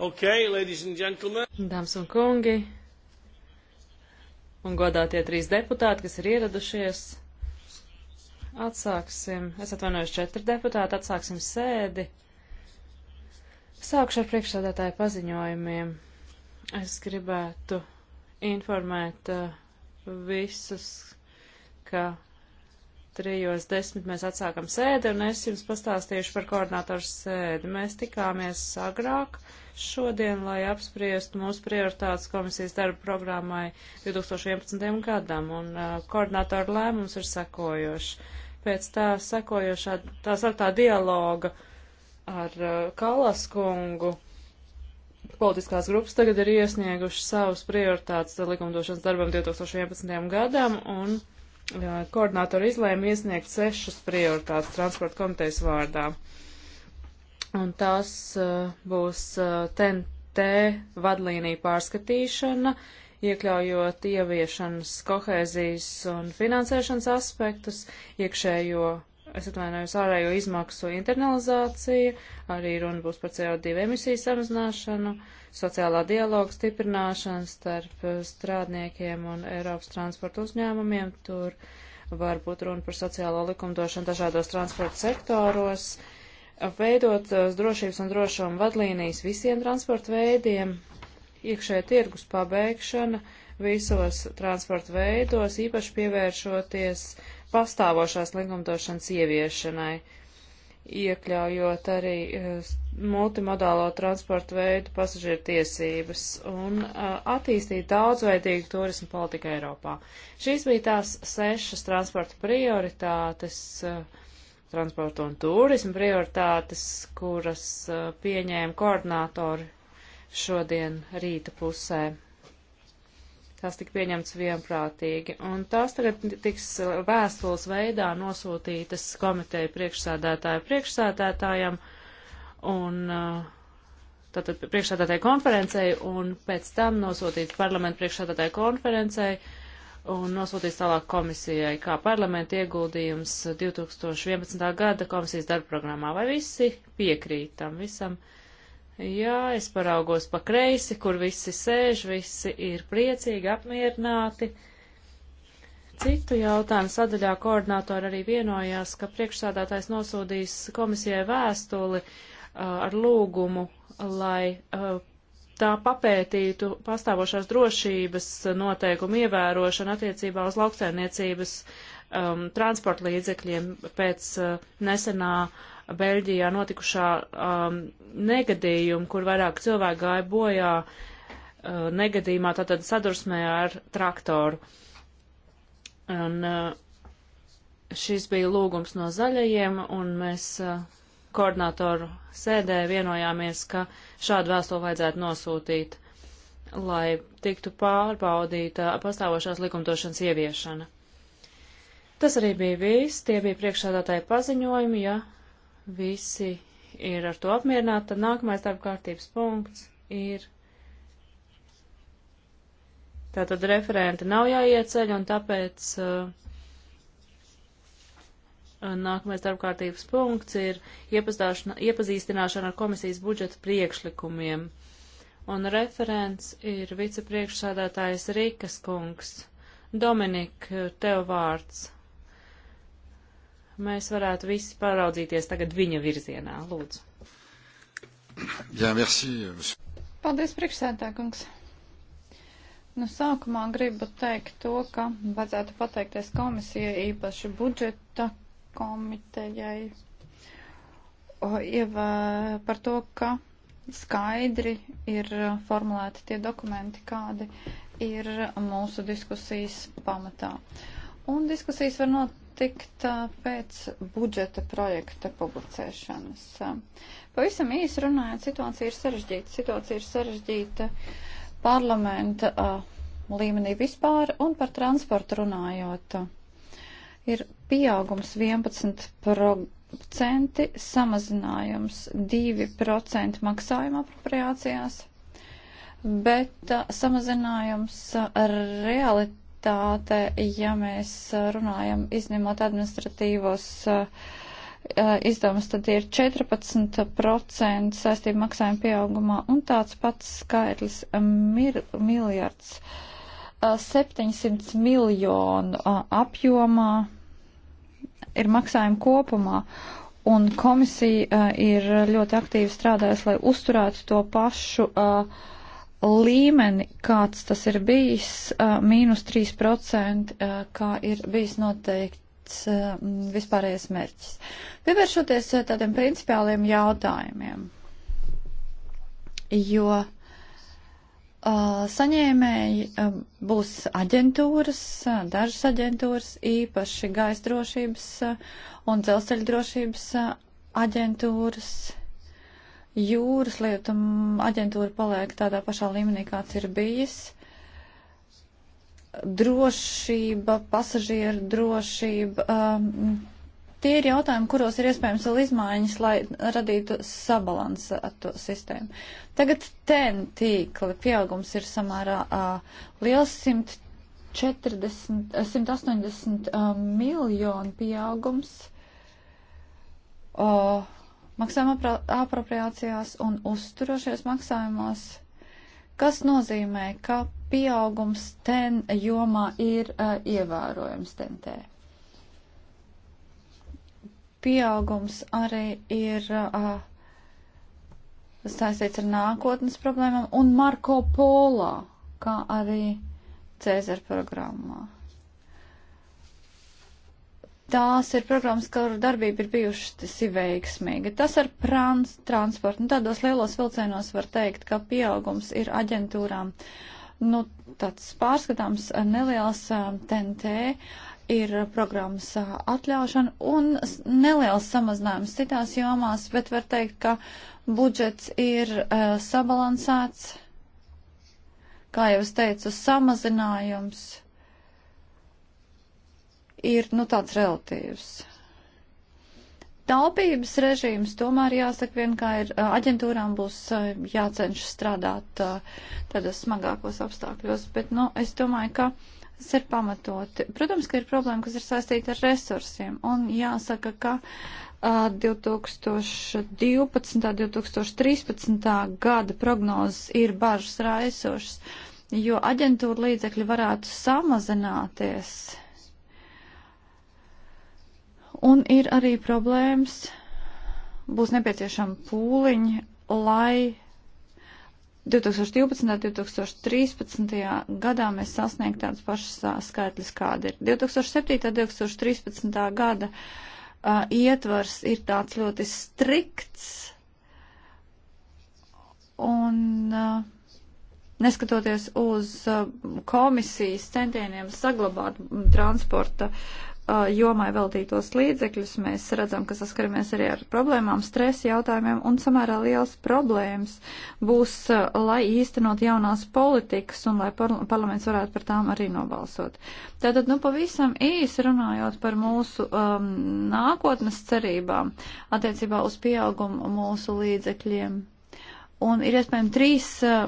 Okay, ladies and gentlemen. Dāmas un kungi, un godātie trīs deputāti, kas ir ieradušies, atsāksim, es atvainojos četri deputāti, atsāksim sēdi. Sākšu ar priekšsādātāju paziņojumiem. Es gribētu informēt uh, visus, ka trijos desmit mēs atsākam sēdi, un es jums pastāstīšu par koordinātoru sēdi. Mēs tikāmies agrāk šodien, lai apspriestu mūsu prioritātes komisijas darba programmai 2011. gadam, un uh, koordinātoru lēmums ir sekojošs. Pēc tā sekojošā, tā sauktā dialoga ar uh, Kalaskungu politiskās grupas tagad ir iesnieguši savus prioritātes likumdošanas darbam 2011. gadam, un koordinātori izlēma iesniegt sešas prioritātes transporta komitejas vārdā. Un tās eh, būs TNT eh, vadlīnija pārskatīšana, iekļaujot ieviešanas, kohēzijas un finansēšanas aspektus, iekšējo es atvainojos ārējo izmaksu internalizācija, arī runa būs par CO2 emisiju samazināšanu, sociālā dialoga stiprināšanu starp eh, strādniekiem un Eiropas transporta uzņēmumiem. Tur var būt runa par sociālo likumdošanu dažādos transporta sektoros, veidot eh, drošības un drošuma vadlīnijas visiem transporta veidiem, iekšēja tirgus pabeigšana visos transporta veidos, īpaši pievēršoties uh, pastāvošās likumdošanas ieviešanai, iekļaujot arī eh, multimodālo transportu veidu pasažieru tiesības un eh, attīstīt daudzveidīgu turismu politiku Eiropā. Šīs bija tās sešas transporta prioritātes eh, transporta un turismu prioritātes, kuras pieņēma koordinātori šodien rīta pusē tās tika pieņemts vienprātīgi. Un tās tagad tiks vēstules veidā nosūtītas komiteja priekšsādātāju priekšsādātājam un uh, tātad priekšsādātāju konferencei un pēc tam nosūtīts parlamentu priekšsādātāju konferencei un nosūtīts tālāk komisijai, kā parlamenta ieguldījums 2011. gada komisijas darba programmā. Vai visi piekrītam visam? Uh, Jā, es paraugos pa kreisi, kur visi sēž, visi ir priecīgi, apmierināti. Citu jautājumu sadaļā koordinātori arī vienojās, ka priekšsādātājs nosūdīs komisijai vēstuli uh, ar lūgumu, lai uh, tā papētītu pastāvošās drošības noteikumu ievērošanu attiecībā uz lauksaimniecības um, transporta līdzekļiem pēc uh, nesenā uh, Beļģijā notikušā um, negadījuma, kur vairāk cilvēku gāja bojā uh, negadījumā, tātad sadursmē ar traktoru. Un uh, šis bija lūgums no zaļajiem, un mēs uh, koordinātoru sēdē vienojāmies, ka šādu vēstuli vajadzētu nosūtīt, lai tiktu pārbaudīta pastāvošās likumdošanas ieviešana. Tas arī bija viss, tie bija priekšsādātāji paziņojumi, ja visi ir ar to apmierināti, tad nākamais darba kārtības punkts ir. Tātad referenti nav jāieceļ, un tāpēc uh, nākamais darba kārtības punkts ir iepazīstināšana ar komisijas budžeta priekšlikumiem. Un referents ir vicepriekšsādātājs Rīkas kungs. Dominika, tev vārds mēs varētu visi paraudzīties tagad viņa virzienā. Lūdzu. Jā, merci. Paldies, priekšsēdētājkungs. Nu, sākumā gribu teikt to, ka vajadzētu pateikties komisijai, īpaši budžeta komitejai, par to, ka skaidri ir formulēti tie dokumenti, kādi ir mūsu diskusijas pamatā. Un diskusijas var not, notikt pēc budžeta projekta publicēšanas. Pavisam īsi runājot, situācija ir sarežģīta. Situācija ir sarežģīta parlamenta līmenī vispār un par transportu runājot. Ir pieaugums 11%, samazinājums 2% maksājuma apropriācijās, bet samazinājums realitāte realitāte, ja mēs uh, runājam izņemot administratīvos uh, uh, izdevumus, tad ir 14% saistību maksājumu pieaugumā un tāds pats skaitlis um, mir, miljards 700 miljonu apjomā ir maksājumi kopumā. Un komisija uh, ir ļoti aktīvi strādājusi, lai uzturētu to pašu uh, līmeni, kāds tas ir bijis, mīnus 3%, kā ir bijis noteikts vispārējais mērķis. Pievēršoties tādiem principiāliem jautājumiem, jo saņēmēji būs aģentūras, dažas aģentūras, īpaši gaisdrošības un dzelzceļdrošības aģentūras jūras lietu aģentūra paliek tādā pašā līmenī, kāds ir bijis. Drošība, pasažieru drošība. Um, tie ir jautājumi, kuros ir iespējams vēl izmaiņas, lai radītu sabalansētu sistēmu. Tagad ten tīkli pieaugums ir samērā uh, liels 140, 180 uh, miljonu pieaugums. Uh, maksājuma apropriācijās un uzturošies maksājumos, kas nozīmē, ka pieaugums ten jomā ir uh, ievērojams tentē. Pieaugums arī ir uh, saistīts ar nākotnes problēmām un Marko Polā, kā arī Cēzara programmā. Tās ir programmas, kur darbība ir bijušas veiksmīga. Tas ar prans, transportu. Nu, tādos lielos vilcienos var teikt, ka pieaugums ir aģentūrām. Nu, tāds pārskatāms neliels TNT ir programmas atļaušana un neliels samazinājums citās jomās, bet var teikt, ka budžets ir uh, sabalansēts. Kā jau es teicu, samazinājums ir, nu, tāds relatīvs. Taupības režīms tomēr jāsaka vien, kā ir aģentūrām būs jācenšas strādāt tādos smagākos apstākļos, bet, nu, es domāju, ka tas ir pamatoti. Protams, ka ir problēma, kas ir saistīta ar resursiem, un jāsaka, ka uh, 2012. 2013. gada prognozes ir bažas raisošas, jo aģentūra līdzekļi varētu samazināties. Uh, Un ir arī problēmas, būs nepieciešama pūliņa, lai 2012. un 2013. gadā mēs sasniegtu tādas pašas skaitļas, kāda ir. 2007. un 2013. gada uh, ietvars ir tāds ļoti strikts, un uh, neskatoties uz uh, komisijas centieniem saglabāt transporta uh, jomai veltītos līdzekļus, mēs redzam, ka saskaramies arī ar problēmām, stresa jautājumiem un samērā liels problēmas būs, lai īstenot jaunās politikas un lai par, parlaments varētu par tām arī nobalsot. Tātad, nu, pavisam īsi runājot par mūsu um, nākotnes cerībām attiecībā uz pieaugumu mūsu līdzekļiem. Un ir iespējami trīs uh,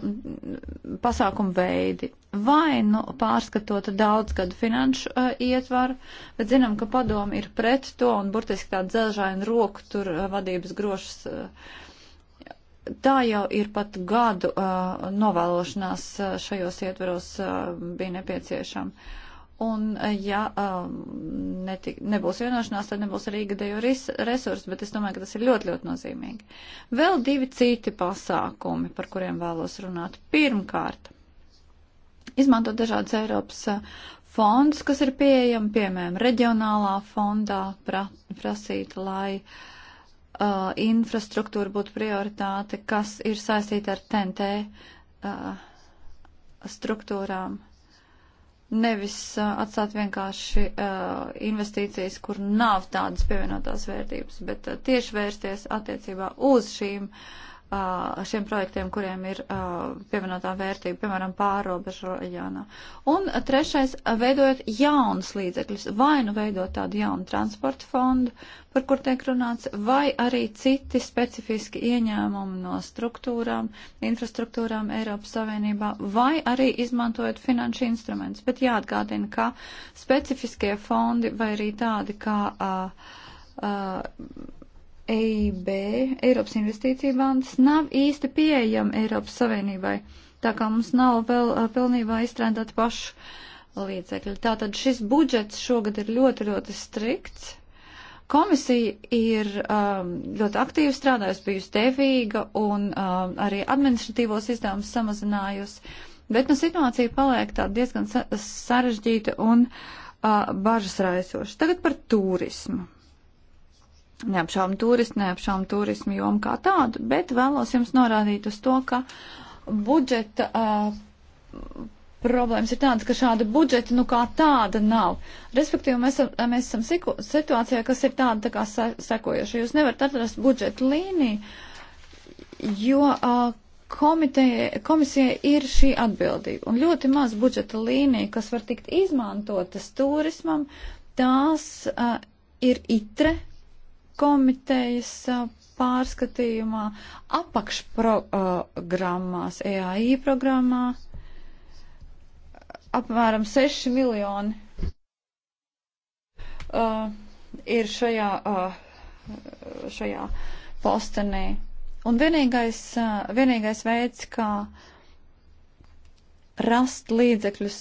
pasākumu veidi vai nu pārskatot daudzgadu finanšu uh, ietvaru, bet zinām, ka padomi ir pret to un burtiski tā dzelžaina roka tur uh, vadības grošas. Uh, tā jau ir pat gadu uh, novēlošanās uh, šajos ietvaros uh, bija nepieciešama. Un, uh, ja uh, um, netik, nebūs vienošanās, tad nebūs arī gadējo resursu, bet es domāju, ka tas ir ļoti, ļoti nozīmīgi. Vēl divi citi pasākumi, par kuriem vēlos runāt. Pirmkārt, izmantot dažādas Eiropas eh, fondus, kas ir pieejami, piemēram, reģionālā fondā pra, prasīt, lai uh, infrastruktūra būtu prioritāte, kas ir saistīta ar TNT uh, eh, struktūrām. Nevis uh, atstāt vienkārši uh, investīcijas, kur nav tādas pievienotās vērtības, bet uh, tieši vērsties attiecībā uz šīm uh, šiem projektiem, kuriem ir pievienotā vērtība, piemēram, pārobežu reģionā. Un trešais, veidojot jaunas līdzekļus, vai nu veidot tādu jaunu transporta fondu, par kur tiek runāts, vai arī citi specifiski ieņēmumi no struktūrām, infrastruktūrām Eiropas Savienībā, vai arī izmantojot finanšu instrumentus. Bet jāatgādina, ka specifiskie fondi vai arī tādi kā. Uh, uh, EIB, Eiropas Investīcija bankas, nav īsti pieejama Eiropas Savienībai, tā kā mums nav vēl pilnībā izstrādāt pašu līdzekļu. Tātad šis budžets šogad ir ļoti, ļoti strikts. Komisija ir um, ļoti aktīvi strādājusi, bijusi devīga un um, arī administratīvos izdevumus samazinājusi, bet nu, no situācija paliek tāda diezgan sarežģīta un uh, bažas raisoša. Tagad par turismu neapšaubu turismu, neapšaubu turismu jomu kā tādu, bet vēlos jums norādīt uz to, ka budžeta uh, problēmas ir tādas, ka šāda budžeta nu kā tāda nav. Respektīvi, mēs, mēs esam siku, situācijā, kas ir tāda tā kā sekojoša. Jūs nevarat atrast budžeta līniju, jo uh, komiteja, komisija ir šī atbildība. Un ļoti maz budžeta līnija, kas var tikt izmantotas turismam, tās uh, ir itre komitejas pārskatījumā, apakšprogrammās, EAI programmā apmēram 6 miljoni uh, ir šajā, uh, šajā postenī. Un vienīgais, uh, vienīgais veids, kā uh, rast līdzekļus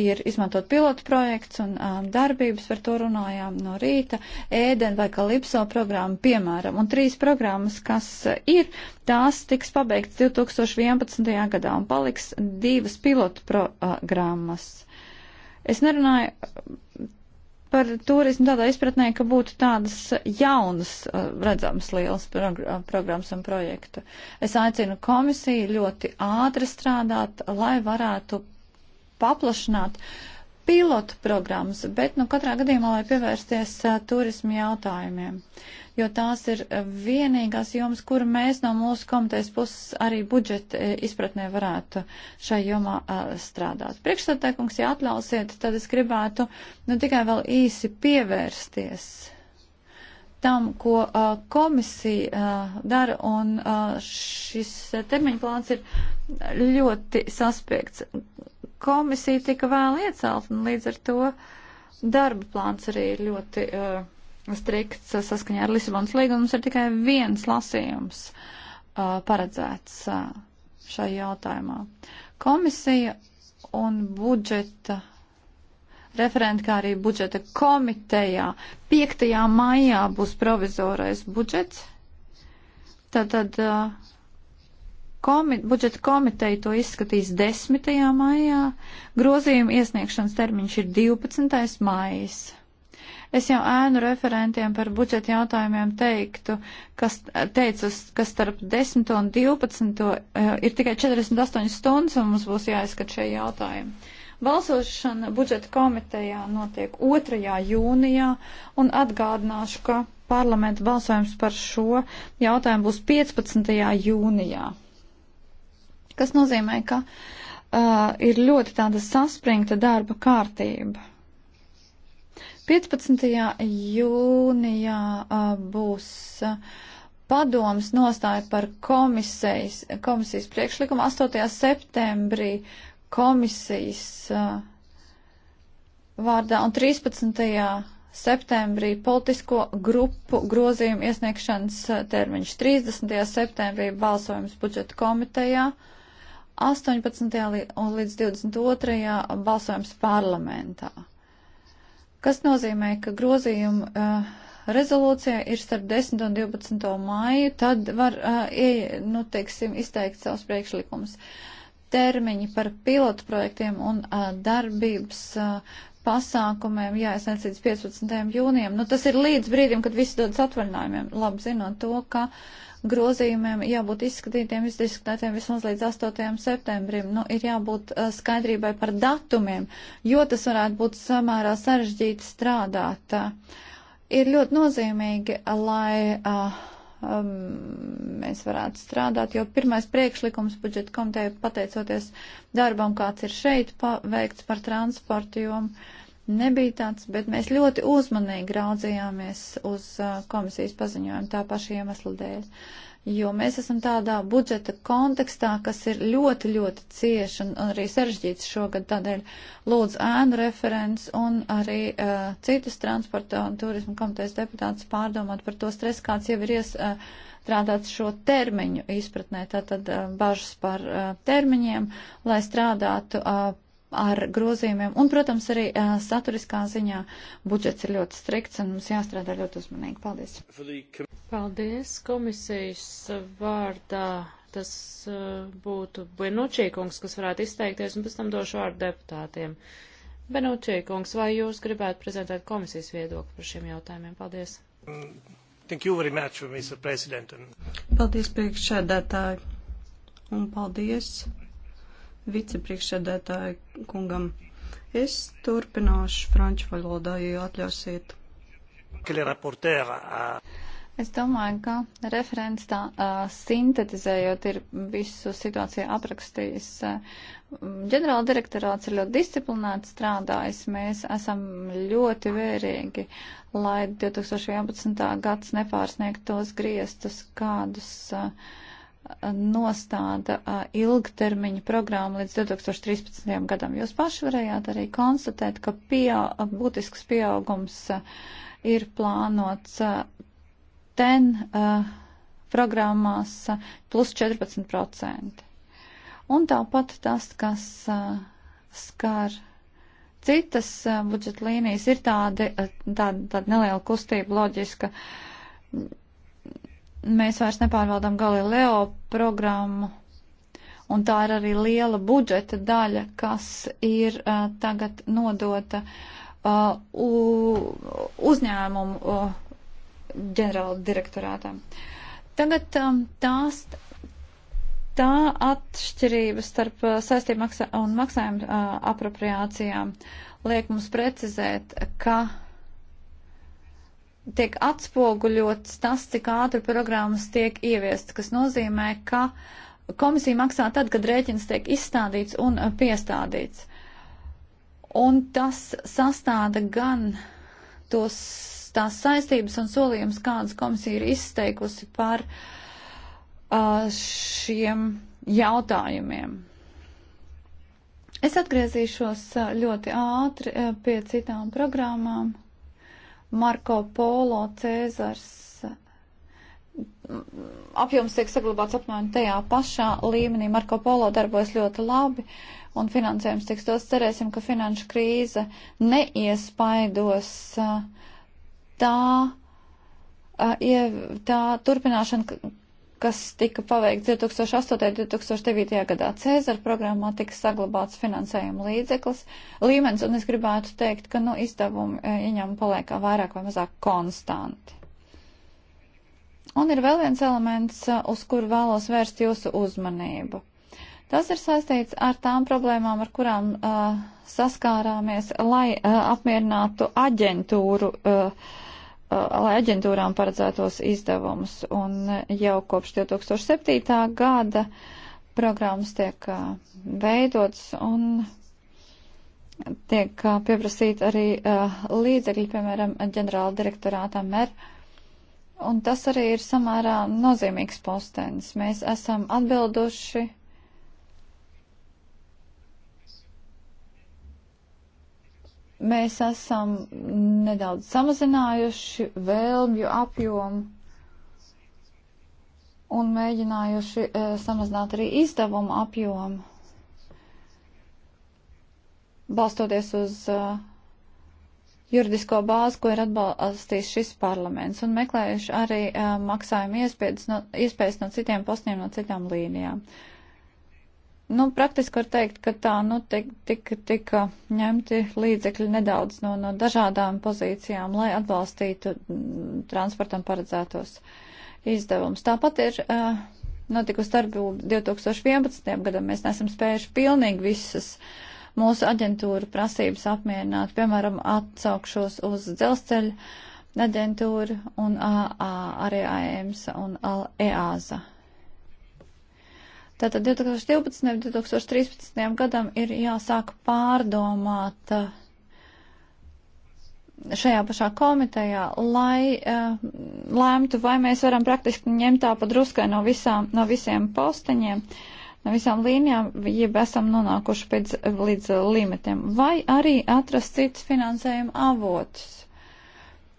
ir izmantot pilotu projekts un darbības, par to runājām no rīta, ēden vai kalipso programma, piemēram, un trīs programmas, kas ir, tās tiks pabeigts 2011. gadā un paliks divas pilotu programmas. Es nerunāju par turismu tādā izpratnē, ka būtu tādas jaunas, uh, redzamas lielas progr uh, programmas un projektu. Es aicinu komisiju ļoti ātri strādāt, lai varētu paplašināt uh, pilotu programmas, bet nu katrā gadījumā, lai pievērsties uh, turismu jautājumiem, jo tās ir vienīgās jomas, kur mēs no mūsu komitejas puses arī budžeta izpratnē varētu šai jomā uh, strādāt. Priekšstādākums, ja atļausiet, tad es gribētu nu tikai vēl īsi pievērsties tam, ko uh, komisija uh, dara, un uh, šis termiņplāns ir ļoti saspiegts komisija tika vēl iecelta, un līdz ar to darba plāns arī ir ļoti uh, strikts saskaņā ar Lisabonas līgumu. Mums ir tikai viens lasījums uh, paredzēts uh, šai jautājumā. Komisija un budžeta referenti, kā arī budžeta komitejā 5. maijā būs provizorais budžets. Tātad uh, komi budžeta komiteja to izskatīs 10. maijā, grozījuma iesniegšanas termiņš ir 12. maijas. Es jau ēnu referentiem par budžeta jautājumiem teiktu, kas teicu, ka starp 10 un 12 eh, ir tikai 48 stundas un mums būs jāizskat šie jautājumi. Balsošana budžeta komitejā notiek 2. jūnijā un atgādināšu, ka parlamenta balsojums par šo jautājumu būs 15. jūnijā. Tas nozīmē, ka uh, ir ļoti tāda saspringta darba kārtība. 15. jūnijā uh, būs uh, padomas nostāja par komisijas, komisijas priekšlikumu. 8. septembrī komisijas uh, vārdā un 13. septembrī politisko grupu grozījumu iesniegšanas uh, termiņš. 30. septembrī balsojums budžeta komitejā. Uh, 18. līdz 22. balsojums parlamentā. Kas nozīmē, ka grozījumi uh, eh, rezolūcijā ir starp 10 un 12 māju, tad var, uh, ie, nu, teiksim, izteikt savus priekšlikumus. Termiņi par pilotu projektiem un uh, darbības uh, pasākumiem jāiesniedz līdz 15. jūnijam. Nu, tas ir līdz brīdim, kad visi dodas atvaļinājumiem. Labi zinot to, ka uh, grozījumiem jābūt izskatītiem, izdiskutētiem vismaz līdz 8. septembrim. Nu, ir jābūt uh, skaidrībai par datumiem, jo tas varētu būt samērā sarežģīti strādāt. Uh, ir ļoti nozīmīgi, lai uh, um, mēs varētu strādāt, jo pirmais priekšlikums budžeta komiteja, pateicoties darbam, kāds ir šeit paveikts par transportu jomu, nebija tāds, bet mēs ļoti uzmanīgi raudzījāmies uz komisijas paziņojumu tā paša iemesla dēļ. Jo mēs esam tādā budžeta kontekstā, kas ir ļoti, ļoti cieši un, un arī sarežģīts šogad, tādēļ lūdzu ēnu referents un arī uh, citus transporta un turismu komitejas deputātus pārdomāt par to stresu, kāds jau ir ies. Uh, strādāt šo termiņu izpratnē, tātad bažas par termiņiem, lai strādātu ar grozījumiem. Un, protams, arī uh, saturiskā ziņā budžets ir ļoti strikts un mums jāstrādā ļoti uzmanīgi. Paldies. Paldies komisijas vārdā. Tas uh, būtu Benučīkungs, kas varētu izteikties, un pēc tam došu vārdu deputātiem. Benučīkungs, vai jūs gribētu prezentēt komisijas viedokli par šiem jautājumiem? Paldies. Mm, thank you very much, Mr. President. Paldies, priekšsēdētāji. Un paldies vicepriekšsēdētāja kungam. Es turpināšu franču valodā, ja atļausiet. Es domāju, ka referents tā uh, sintetizējot ir visu situāciju aprakstījis. Ģenerāla direktorāts ir ļoti disciplinēti strādājis. Mēs esam ļoti vērīgi, lai 2011. gads nepārsniegtu tos griestus, kādus. Uh, nostāda ilgtermiņa programmu līdz 2013. gadam. Jūs paši varējāt arī konstatēt, ka pieaug, būtisks pieaugums ir plānots ten programmās plus 14%. Un tāpat tas, kas skar citas budžeta līnijas, ir tāda, tāda, tāda neliela kustība loģiska mēs vairs nepārvaldām Galileo programmu, un tā ir arī liela budžeta daļa, kas ir uh, tagad nodota uh, uzņēmumu uh, ģenerāla direktorātam. Tagad um, tās tā atšķirība starp saistību maksā un maksājumu uh, apropriācijām liek mums precizēt, ka uh, tiek atspoguļots tas, cik ātri programmas tiek ieviestas, kas nozīmē, ka komisija maksā tad, kad rēķins tiek izstādīts un uh, piestādīts. Un tas sastāda gan tos, tās saistības un solījumus, kādas komisija ir izteikusi par uh, šiem jautājumiem. Es atgriezīšos uh, ļoti ātri uh, pie citām programmām. Marko Polo, Cēzars. Apjoms tiek saglabāts apmēram tajā pašā līmenī. Marko Polo darbojas ļoti labi un finansējums tiks dos. Cerēsim, ka finanšu krīze neiespaidos uh, tā, ja, uh, tā turpināšana, kas tika paveikts 2008. un 2009. gadā. Cēzara programmā tika saglabāts finansējuma līdzeklis, līmenis, un es gribētu teikt, ka nu, izdevumi e, ieņem paliekā vairāk vai mazāk konstanti. Un ir vēl viens elements, e, uz kuru vēlos vērst jūsu uzmanību. Tas ir saistīts ar tām problēmām, ar kurām uh, saskārāmies, lai uh, apmierinātu aģentūru uh, lai aģentūrām paredzētos izdevumus. Un jau kopš 2007. gada programmas tiek veidotas un tiek pieprasīt arī līdzekļi, piemēram, ģenerāla direktorātam MER. Un tas arī ir samērā nozīmīgs postens. Mēs esam atbilduši Mēs esam nedaudz samazinājuši vēlmju apjomu un mēģinājuši e, samazināt arī izdevumu apjomu, balstoties uz e, juridisko bāzi, ko ir atbalstījis šis parlaments, un meklējuši arī e, maksājumu iespējas no, iespējas no citiem postiem, no citām līnijām. E, Nu, praktiski var teikt, ka tā, nu, tika, tika, tika ņemti līdzekļi nedaudz no, no dažādām pozīcijām, lai atbalstītu mm, transportam paredzētos izdevumus. Tāpat ir uh, notikusi darbība 2011. gadam. Mēs nesam spējuši pilnīgi visas mūsu aģentūra prasības apmierināt. Piemēram, atsaukšos uz dzelzceļa aģentūru un uh, uh, arī AEMS un EASA. E Tātad 2012. un 2013. gadam ir jāsāk pārdomāt eh, šajā pašā komitejā, lai uh, lēmtu, vai mēs varam praktiski ņemt tā pa druskai no, visām, no visiem posteņiem, no visām līnijām, jeb esam nonākuši pēc, līdz limitiem, vai arī atrast citas finansējuma avotus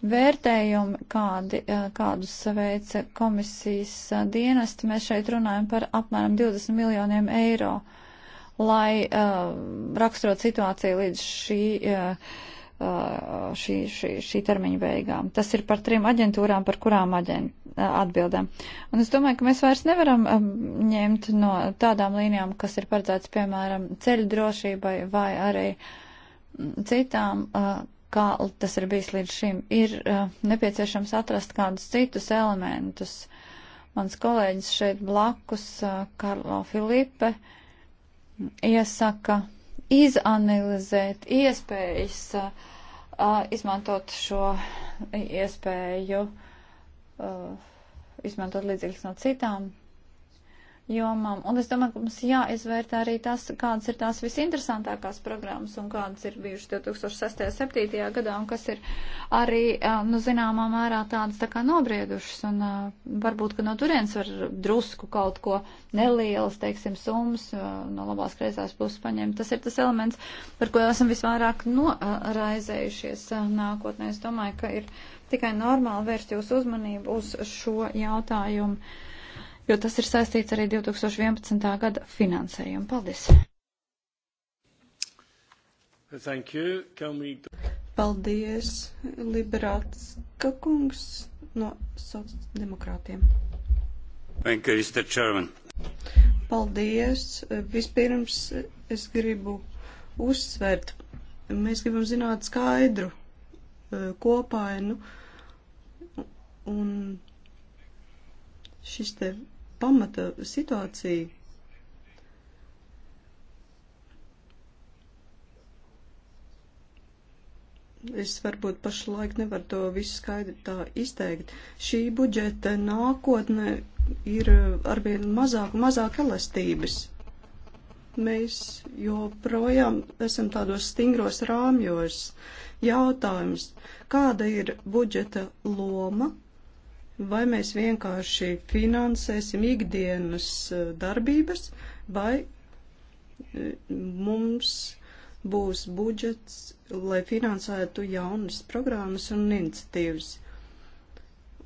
vērtējumi, kādi, eh, kādus veica komisijas eh, dienesti, mēs šeit runājam par apmēram 20 miljoniem eiro, lai uh, raksturot situāciju līdz šī, uh, šī, šī, šī termiņa beigām. Tas ir par trim aģentūrām, par kurām aģent, atbildēm. Un es domāju, ka mēs vairs nevaram um, ņemt no tādām līnijām, kas ir paredzētas, piemēram, ceļu drošībai vai arī mm, citām. Uh, kā tas ir bijis līdz šim. Ir uh, nepieciešams atrast kādus citus elementus. Mans kolēģis šeit blakus, uh, Karlo Filipe, iesaka izanalizēt iespējas, uh, uh izmantot šo iespēju, uh, izmantot līdzīgas no citām jomām. Un es domāju, ka mums jāizvērtē arī tas, kādas ir tās visinteresantākās programmas un kādas ir bijušas 2006. un 2007. gadā un kas ir arī, nu, zināmā mērā tādas tā kā nobriedušas. Un uh, varbūt, ka no turienes var drusku kaut ko nelielas, teiksim, summas uh, no labās kreisās puses paņemt. Tas ir tas elements, par ko esam visvairāk noraizējušies uh, nākotnē. Es domāju, ka ir tikai normāli vērst jūsu uzmanību uz šo jautājumu jo tas ir saistīts arī 2011. gada finansējumu. Paldies! We... Paldies, Liberātska kungs no sociāldemokrātiem. Thank you, Mr. Chairman. Paldies. Vispirms es gribu uzsvērt, mēs gribam zināt skaidru eh, kopainu un šis te pamata situācija. Es varbūt pašlaik nevaru to visu skaidri tā izteikt. Šī budžeta nākotne ir arvien mazāk un mazāk elastības. Mēs joprojām esam tādos stingros rāmjos. Jautājums, kāda ir budžeta loma vai mēs vienkārši finansēsim ikdienas eh, darbības, vai eh, mums būs budžets, lai finansētu jaunas programmas un iniciatīvas.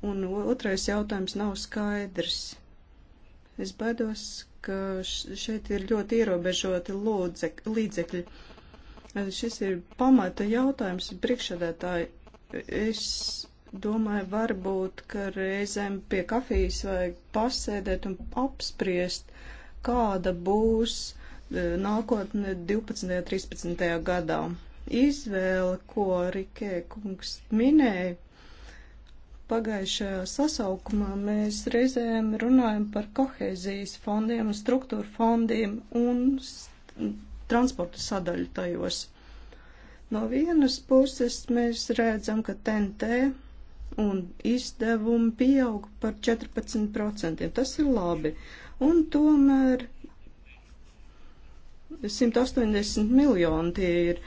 Un otrais jautājums nav skaidrs. Es baidos, ka šeit ir ļoti ierobežoti lūdzek, līdzekļi. Eh, šis ir pamata jautājums priekšsēdētāji. Es Domāju, varbūt, ka reizēm pie kafijas vajag pasēdēt un apspriest, kāda būs e, nākotne 12. un 13. gadā. Izvēle, ko Rikē kungs minēja, pagājušajā sasaukumā mēs reizēm runājam par kohēzijas fondiem, struktūra fondiem un transporta sadaļu tajos. No vienas puses mēs redzam, ka TNT un izdevumi pieaug par 14%. Tas ir labi. Un tomēr 180 miljoni tie ir.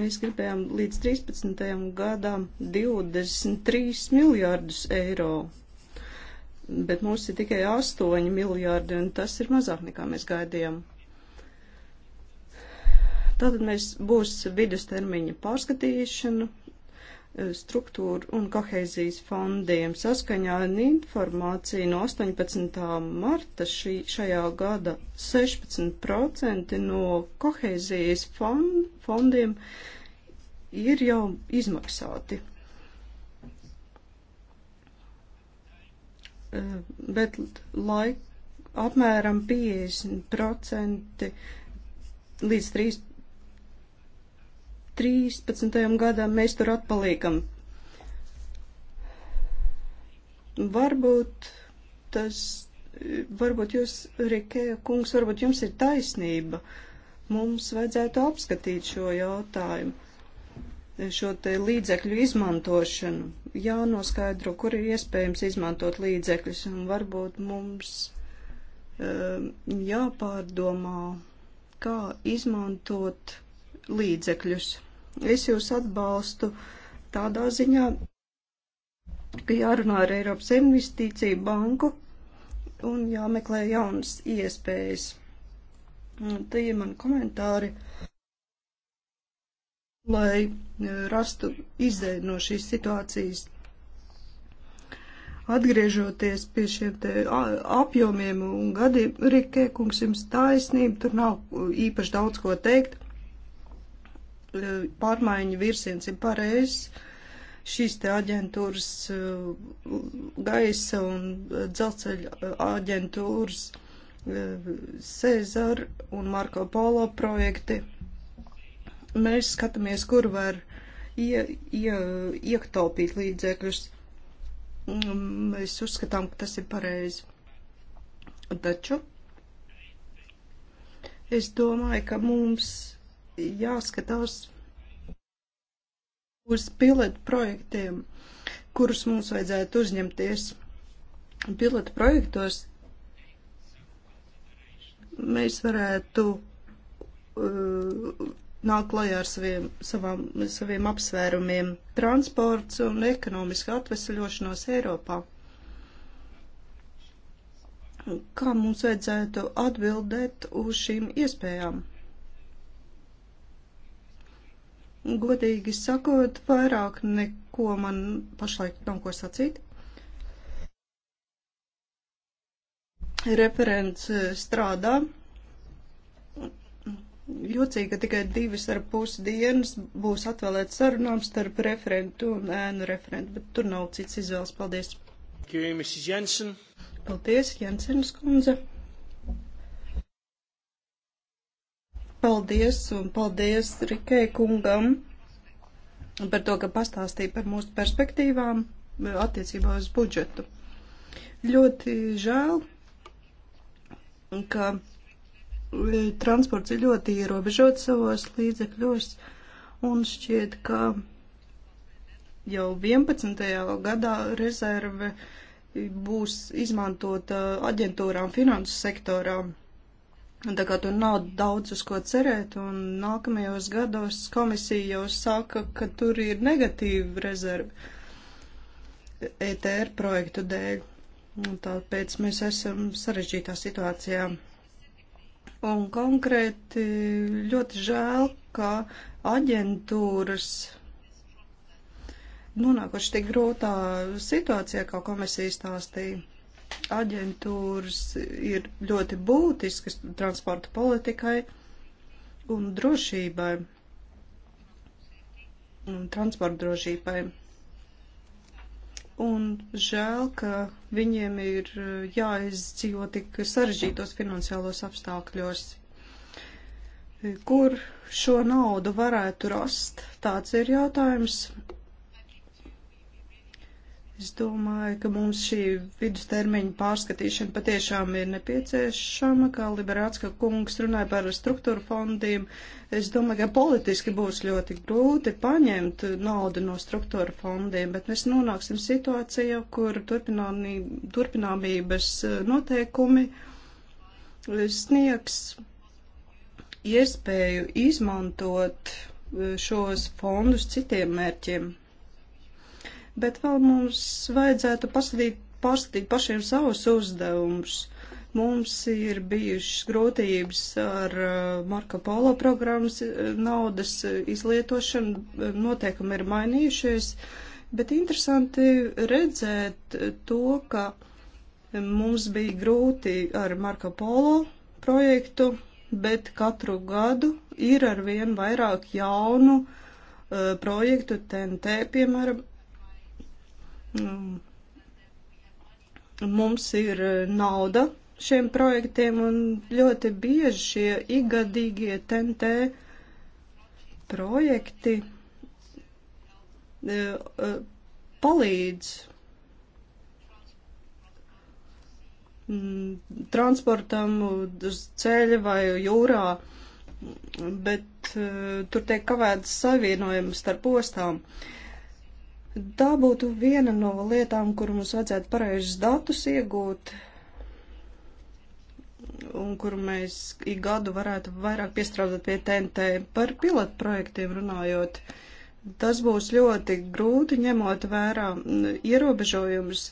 Mēs gribējām līdz 13. gadam 23 miljārdus eiro, bet mums ir tikai 8 miljārdi, un tas ir mazāk nekā mēs gaidījām. Tātad mēs būs vidustermiņa pārskatīšana, struktūru un koheizijas fondiem. Saskaņā ar informāciju no 18. marta šī, šajā gada 16% no koheizijas fond, fondiem ir jau izmaksāti. Eh, bet laik apmēram 50% līdz 3 13. gadam mēs tur atpaliekam. Varbūt tas, varbūt jūs, Rikēja kungs, varbūt jums ir taisnība. Mums vajadzētu apskatīt šo jautājumu, šo te līdzekļu izmantošanu. Jānoskaidro, kur ir iespējams izmantot līdzekļus, un varbūt mums um, jāpārdomā, kā izmantot līdzekļus. Es jūs atbalstu tādā ziņā, ka jārunā ar Eiropas investīciju banku un jāmeklē jaunas iespējas. Tie ir mani komentāri, lai e, rastu izēju no šīs situācijas. Atgriežoties pie šiem te apjomiem un gadiem, Rikē kungs jums taisnība, tur nav īpaši daudz ko teikt pārmaiņu virziens ir pareizs. Šīs te aģentūras, uh, gaisa un uh, dzelceļa uh, aģentūras, Cezar un Marko Polo projekti. Mēs skatāmies, kur var ie, ie, iektaupīt līdzekļus. Mm, mēs uzskatām, ka tas ir pareizi. Taču es domāju, ka mums jāskatās uz pilotu projektiem, kurus mums vajadzētu uzņemties. Pilotu projektos mēs varētu uh, nākt klajā ar saviem, savām, saviem apsvērumiem transports un ekonomiska atvesaļošanos Eiropā. Kā mums vajadzētu atbildēt uz šīm iespējām? Godīgi sakot, vairāk neko man pašlaik nav ko sacīt. Referents eh, strādā. Jocīgi, ka tikai divas ar pus dienas būs atvēlēts sarunām starp referentu un ēnu referentu, bet tur nav cits izvēles. Paldies! Paldies, Jensenas kundze! Paldies un paldies Rikē kungam par to, ka pastāstīja par mūsu perspektīvām eh, attiecībā uz budžetu. Ļoti žēl, ka eh, transports ir ļoti ierobežots savos līdzekļos un šķiet, ka jau 11. gadā rezerve eh, būs izmantota aģentūrām finansu sektorām Tā kā tur nav daudz uz ko cerēt, un nākamajos gados komisija jau saka, ka tur ir negatīva rezerve ETR projektu dēļ. Un tāpēc mēs esam sarežģītā situācijā. Un konkrēti ļoti žēl, ka aģentūras nonākuši tik grūtā situācijā, kā komisija stāstīja aģentūras ir ļoti būtiskas transporta politikai un drošībai, un transporta drošībai. Un žēl, ka viņiem ir uh, jāizdzīvo tik sarežģītos finansiālos apstākļos. Kur šo naudu varētu rast, tāds ir jautājums. Es domāju, ka mums šī vidustermiņa pārskatīšana patiešām ir nepieciešama, kā Liberācka kungs runāja par struktūru fondiem. Es domāju, ka politiski būs ļoti grūti paņemt naudu no struktūra fondiem, bet mēs nonāksim situācijā, kur turpināmības noteikumi sniegs iespēju izmantot šos fondus citiem mērķiem bet vēl mums vajadzētu pasadīt, pasadīt pašiem savus uzdevumus. Mums ir bijušas grūtības ar uh, Marko Polo programmas uh, naudas uh, izlietošanu, noteikumi ir mainījušies, bet interesanti redzēt to, ka mums bija grūti ar Marko Polo projektu, bet katru gadu ir arvien vairāk jaunu uh, projektu TNT, piemēram, Mm. Mums ir eh, nauda šiem projektiem un ļoti bieži šie igadīgie TNT projekti eh, eh, palīdz mm, transportam uz ceļa vai jūrā, bet tur tiek kavēts savienojums starp ostām. Uh, Tā būtu viena no lietām, kur mums vajadzētu pareizus datus iegūt un kur mēs ik gadu varētu vairāk piestrādāt pie TNT. Par pilotu projektiem runājot, tas būs ļoti grūti ņemot vērā mm, ierobežojumus.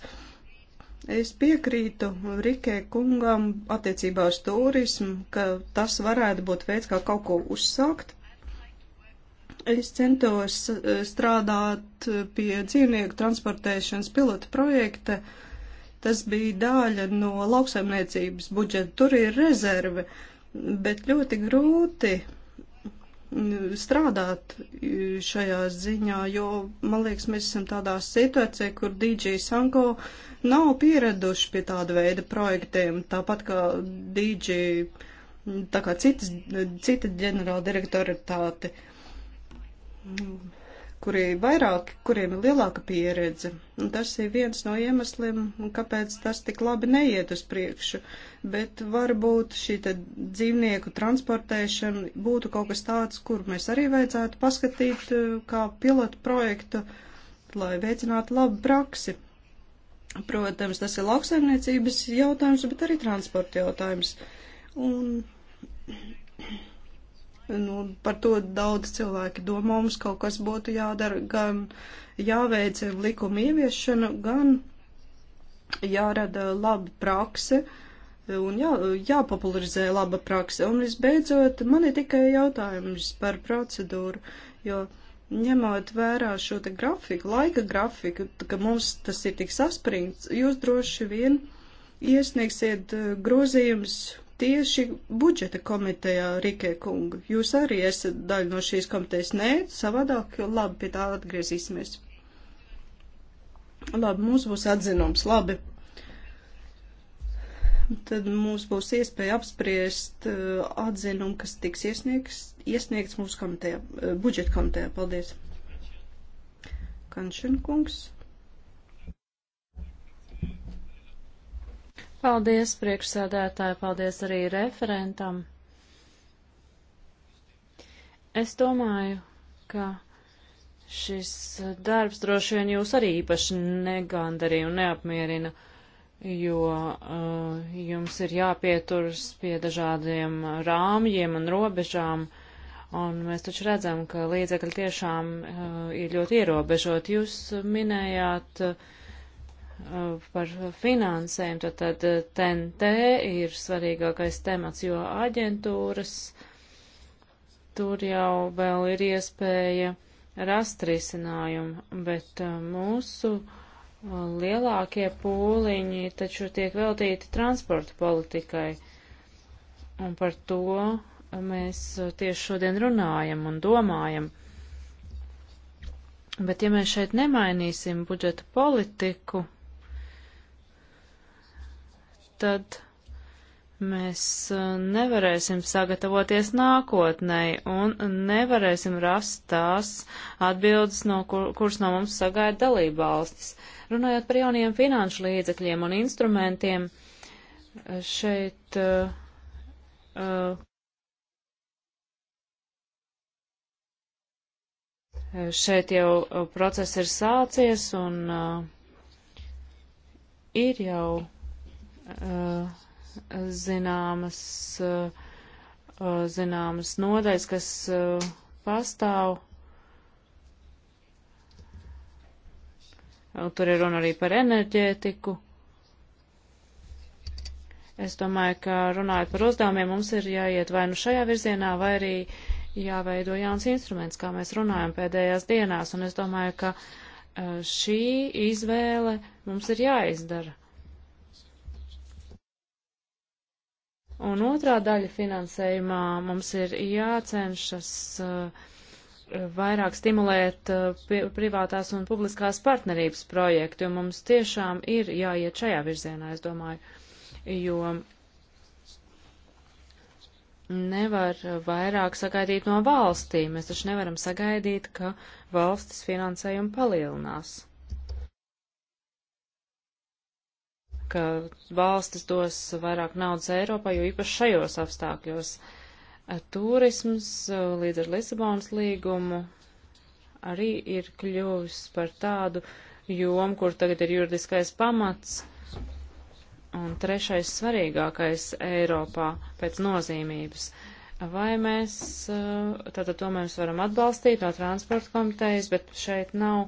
Es piekrītu Rikē kungam attiecībā uz turismu, ka tas varētu būt veids, kā kaut ko uzsākt, Es centos eh, strādāt eh, pie dzīvnieku transportēšanas pilota projekta. Tas bija daļa no lauksaimniecības budžeta. Tur ir rezerve, bet ļoti grūti mm, strādāt eh, šajā ziņā, jo, man liekas, mēs esam tādā situācijā, kur DJ Sanko nav pieraduši pie tāda veida projektiem, tāpat kā DJ, mm, tā kā citas, cita ģenerāla direktoritāte. Uh, kuri vairāk, kuriem ir lielāka pieredze. Un tas ir viens no iemesliem, kāpēc tas tik labi neiet uz priekšu. Bet varbūt šī dzīvnieku transportēšana būtu kaut kas tāds, kur mēs arī vajadzētu paskatīt eh, kā pilotu projektu, lai veicinātu labu praksi. Protams, tas ir lauksaimniecības jautājums, bet arī transporta jautājums. Un Nu, par to daudz cilvēki domā, mums kaut kas būtu jādara, gan jāveic likuma ieviešana, gan jārada laba prakse un jā, jāpopularizē laba prakse. Un visbeidzot, man ir tikai jautājums par procedūru, jo ņemot vērā šo te grafiku, laika grafiku, ka mums tas ir tik saspringts, jūs droši vien iesniegsiet eh, grozījums tieši budžeta komitejā, Rikē kunga. Jūs arī esat daļa no šīs komitejas. Nē, savādāk, labi, pie tā atgriezīsimies. Labi, mums būs atzinums, labi. Tad mums būs iespēja apspriest uh, atzinumu, kas tiks iesniegts, iesniegts mūsu komitejā, uh, budžeta komitejā. Paldies. Kanšenkungs. kungs. Paldies, priekšsēdētāji, paldies arī referentam. Es domāju, ka šis darbs droši vien jūs arī īpaši negandarīja un neapmierina, jo uh, jums ir jāpieturas pie dažādiem rāmjiem un robežām, un mēs taču redzam, ka līdzekļi tiešām uh, ir ļoti ierobežot. Jūs minējāt uh, Uh, par finansēm, tad, tad TNT uh, ir svarīgākais temats, jo aģentūras tur jau vēl ir iespēja rast risinājumu, bet uh, mūsu lielākie pūliņi taču tiek veltīti transporta politikai. Un par to mēs tieši šodien runājam un domājam. Bet ja mēs šeit nemainīsim budžeta politiku, tad mēs uh, nevarēsim sagatavoties nākotnei un nevarēsim rast tās atbildes, no kur, kuras no mums sagaida dalībvalstis. Runājot par jauniem finanšu līdzekļiem un instrumentiem, uh, šeit. Uh, uh, Šeit jau process ir sācies un uh, ir jau Eh, zināmas, eh, eh, zināmas nodaļas, kas pastāv. Tur ir runa arī par enerģētiku. Es domāju, ka runājot par uzdevumiem, mums ir jāiet vai nu šajā virzienā, vai arī jāveido jauns instruments, kā mēs runājam pēdējās dienās. Un es domāju, ka šī izvēle mums ir jāizdara. Un otrā daļa finansējumā mums ir jācenšas uh, vairāk stimulēt uh, privātās un publiskās partnerības projektu, jo mums tiešām ir jāiet šajā virzienā, es domāju, jo nevar vairāk sagaidīt no valstīm. Mēs taču nevaram sagaidīt, ka valstis finansējumu palielinās. ka valstis dos vairāk naudas Eiropā, jo īpaši šajos apstākļos eh, turisms eh, līdz ar Lisabonas līgumu arī ir kļuvis par tādu jomu, kur tagad ir juridiskais pamats un trešais svarīgākais Eiropā pēc nozīmības. Vai mēs, eh, tātad to mēs varam atbalstīt no transporta komitejas, bet šeit nav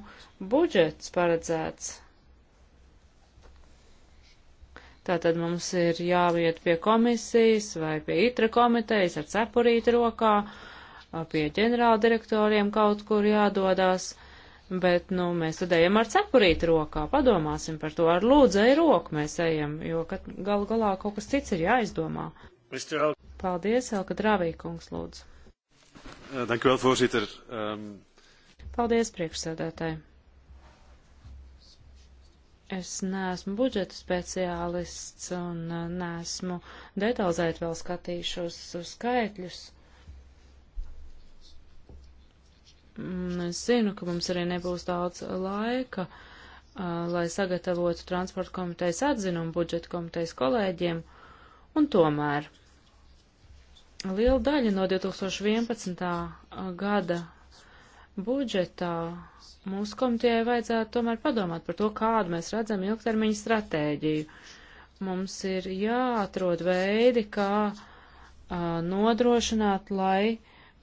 budžets paredzēts Tātad mums ir jāiet pie komisijas vai pie itra komitejas ar cepurīti rokā, pie ģenerāldirektoriem kaut kur jādodās, bet, nu, mēs tad ejam ar cepurīti rokā, padomāsim par to, ar lūdzēju roku mēs ejam, jo galu galā kaut kas cits ir jāizdomā. Paldies, Elka Drāvīkungs, lūdzu. Eh, dank u wel, voorzitter. Um... Paldies, priekšsēdētāji. Es neesmu budžeta speciālists un uh, neesmu detalizēt vēl skatījušos skaitļus. Mm, es zinu, ka mums arī nebūs daudz laika, uh, lai sagatavotu transporta komitejas atzinumu budžeta komitejas kolēģiem, un tomēr liela daļa no 2011. gada budžetā mūsu komitejai vajadzētu tomēr padomāt par to, kādu mēs redzam ilgtermiņa stratēģiju. Mums ir jāatrod veidi, kā uh, nodrošināt, lai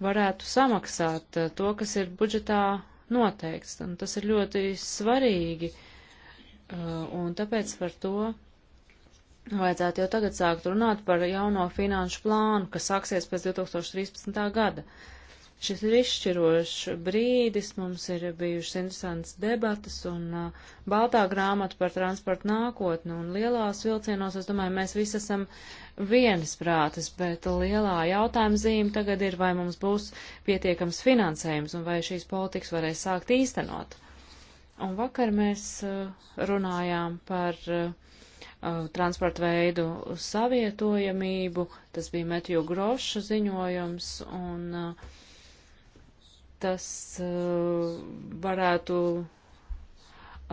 varētu samaksāt uh, to, kas ir budžetā noteikts. Un tas ir ļoti svarīgi, uh, un tāpēc par to vajadzētu jau tagad sākt runāt par jauno finanšu plānu, kas sāksies pēc 2013. gada. Uh, Šis ir izšķirošs brīdis, mums ir bijušas interesantas debatas un uh, baltā grāmata par transportu nākotni un lielās vilcienos, es domāju, mēs visi esam viensprātis, bet lielā jautājuma zīme tagad ir, vai mums būs pietiekams finansējums un vai šīs politikas varēs sākt īstenot. Un vakar mēs uh, runājām par uh, uh transporta veidu savietojamību, tas bija Metju Groša ziņojums, un uh, tas uh, varētu uh,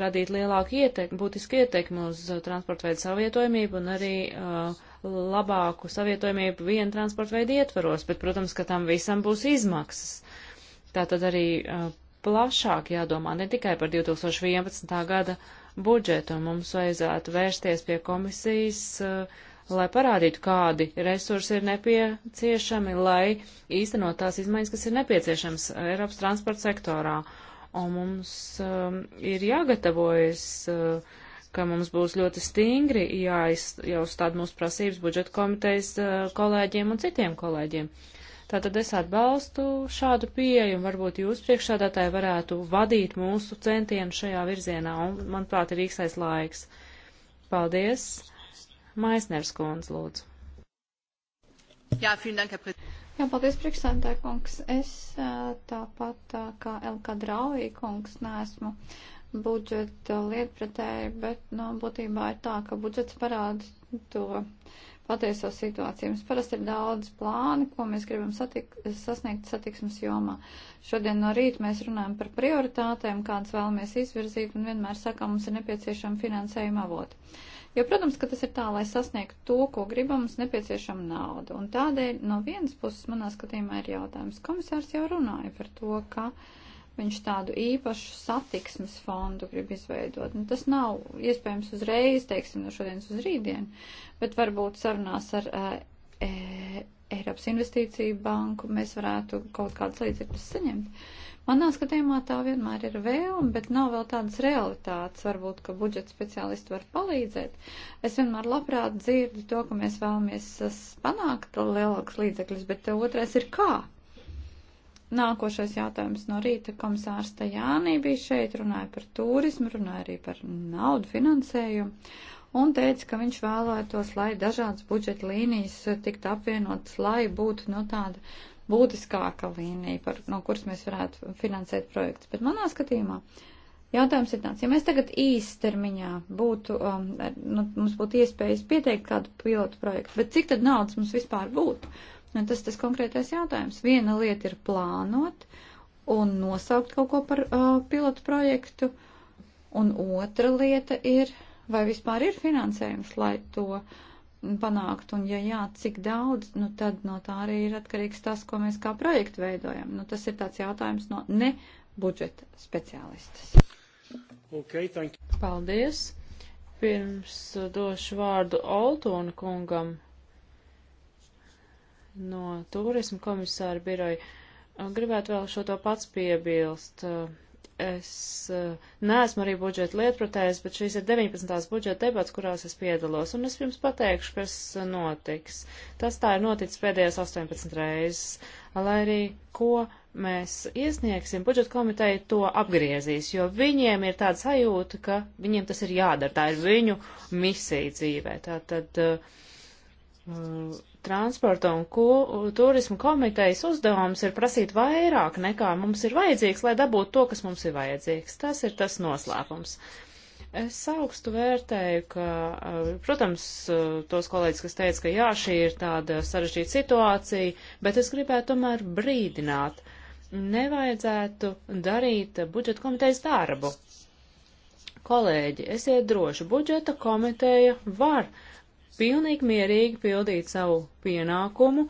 radīt lielāku ietekmi, būtisku ietekmi uz eh, transporta veidu savietojamību un arī uh, labāku savietojamību vienu transporta veidu ietvaros, bet, protams, ka tam visam būs izmaksas. Tātad arī uh, plašāk jādomā ne tikai par 2011. gada budžetu, un mums vajadzētu vērsties pie komisijas uh, lai parādītu, kādi resursi ir nepieciešami, lai īstenot tās izmaiņas, kas ir nepieciešams Eiropas transporta sektorā. Un mums um, ir jāgatavojas, uh, ka mums būs ļoti stingri jāuzstāda mūsu prasības budžeta komitejas uh, kolēģiem un citiem kolēģiem. Tātad es atbalstu šādu pieeju, un varbūt jūs priekšādātāji varētu vadīt mūsu centienu šajā virzienā, un, manuprāt, ir īksais laiks. Paldies! Maisners kundze, lūdzu. Jā, dank, Jā, paldies, priekšsēdētāji kungs. Es tāpat kā Elka Draujī kungs neesmu budžeta lietpratēji, bet, nu, būtībā ir tā, ka budžets parāda to patieso situāciju. Mums parasti ir daudz plāni, ko mēs gribam satik sasniegt satiksmes jomā. Šodien no rīta mēs runājam par prioritātēm, kādas vēlamies izvirzīt, un vienmēr sakām, mums ir nepieciešama finansējuma avota. Jo, protams, ka tas ir tā, lai sasniegtu to, ko gribam, mums nepieciešama nauda. Un tādēļ no vienas puses manā skatījumā ir jautājums. Komisārs jau runāja par to, ka uh, Viņš tādu īpašu satiksmes fondu grib izveidot. Nu, tas nav iespējams uzreiz, teiksim, no šodienas uz rītdienu, bet varbūt sarunās ar eh, e, Eiropas investīciju banku mēs varētu kaut kādas līdzekļus saņemt. Manā skatījumā tā vienmēr ir vēlme, bet nav vēl tādas realitātes, varbūt, ka budžeta speciālisti var palīdzēt. Es vienmēr labprāt dzirdu to, ka mēs vēlamies eh, panākt lielākas līdzekļus, bet otrais ir kā. Nākošais jautājums no rīta komisārs Tajānī bija šeit, runāja par turismu, runāja arī par naudu finansējumu un teica, ka viņš vēlētos, lai dažādas budžeta līnijas tiktu apvienotas, lai būtu no nu, tāda būtiskāka līnija, par, no kuras mēs varētu finansēt projektus. Bet manā skatījumā Jautājums ir tāds, ja mēs tagad īstermiņā būtu, um, nu, mums būtu iespējas pieteikt kādu pilotu projektu, bet cik tad naudas mums vispār būtu? Un nu, tas tas konkrētais jautājums. Viena lieta ir plānot un nosaukt kaut ko par uh, pilotu projektu, un otra lieta ir, vai vispār ir finansējums, lai to panākt, un ja jā, cik daudz, nu tad no tā arī ir atkarīgs tas, ko mēs kā projektu veidojam. Nu, tas ir tāds jautājums no ne budžeta speciālistas. Okay, Paldies! Pirms došu vārdu Oltona kungam no turisma komisāra biroja. Gribētu vēl šo to pats piebilst. Es eh, neesmu arī budžeta lietpratējs, bet šīs ir 19. budžeta debats, kurās es piedalos, un es jums pateikšu, kas notiks. Tas tā ir noticis pēdējās 18 reizes, lai arī ko mēs iesniegsim, budžeta komiteja to apgriezīs, jo viņiem ir tāda sajūta, ka viņiem tas ir jādara, tā ir viņu misija dzīvē. Tātad, uh, transporta un ko, turismu komitejas uzdevums ir prasīt vairāk nekā mums ir vajadzīgs, lai dabūtu to, kas mums ir vajadzīgs. Tas ir tas noslēpums. Es augstu vērtēju, ka, eh, protams, eh, tos kolēģis, kas teica, ka jā, šī ir tāda sarežģīta situācija, bet es gribētu tomēr brīdināt, nevajadzētu darīt budžeta komitejas darbu. Kolēģi, esiet droši, budžeta komiteja var uh, pilnīgi mierīgi pildīt savu pienākumu,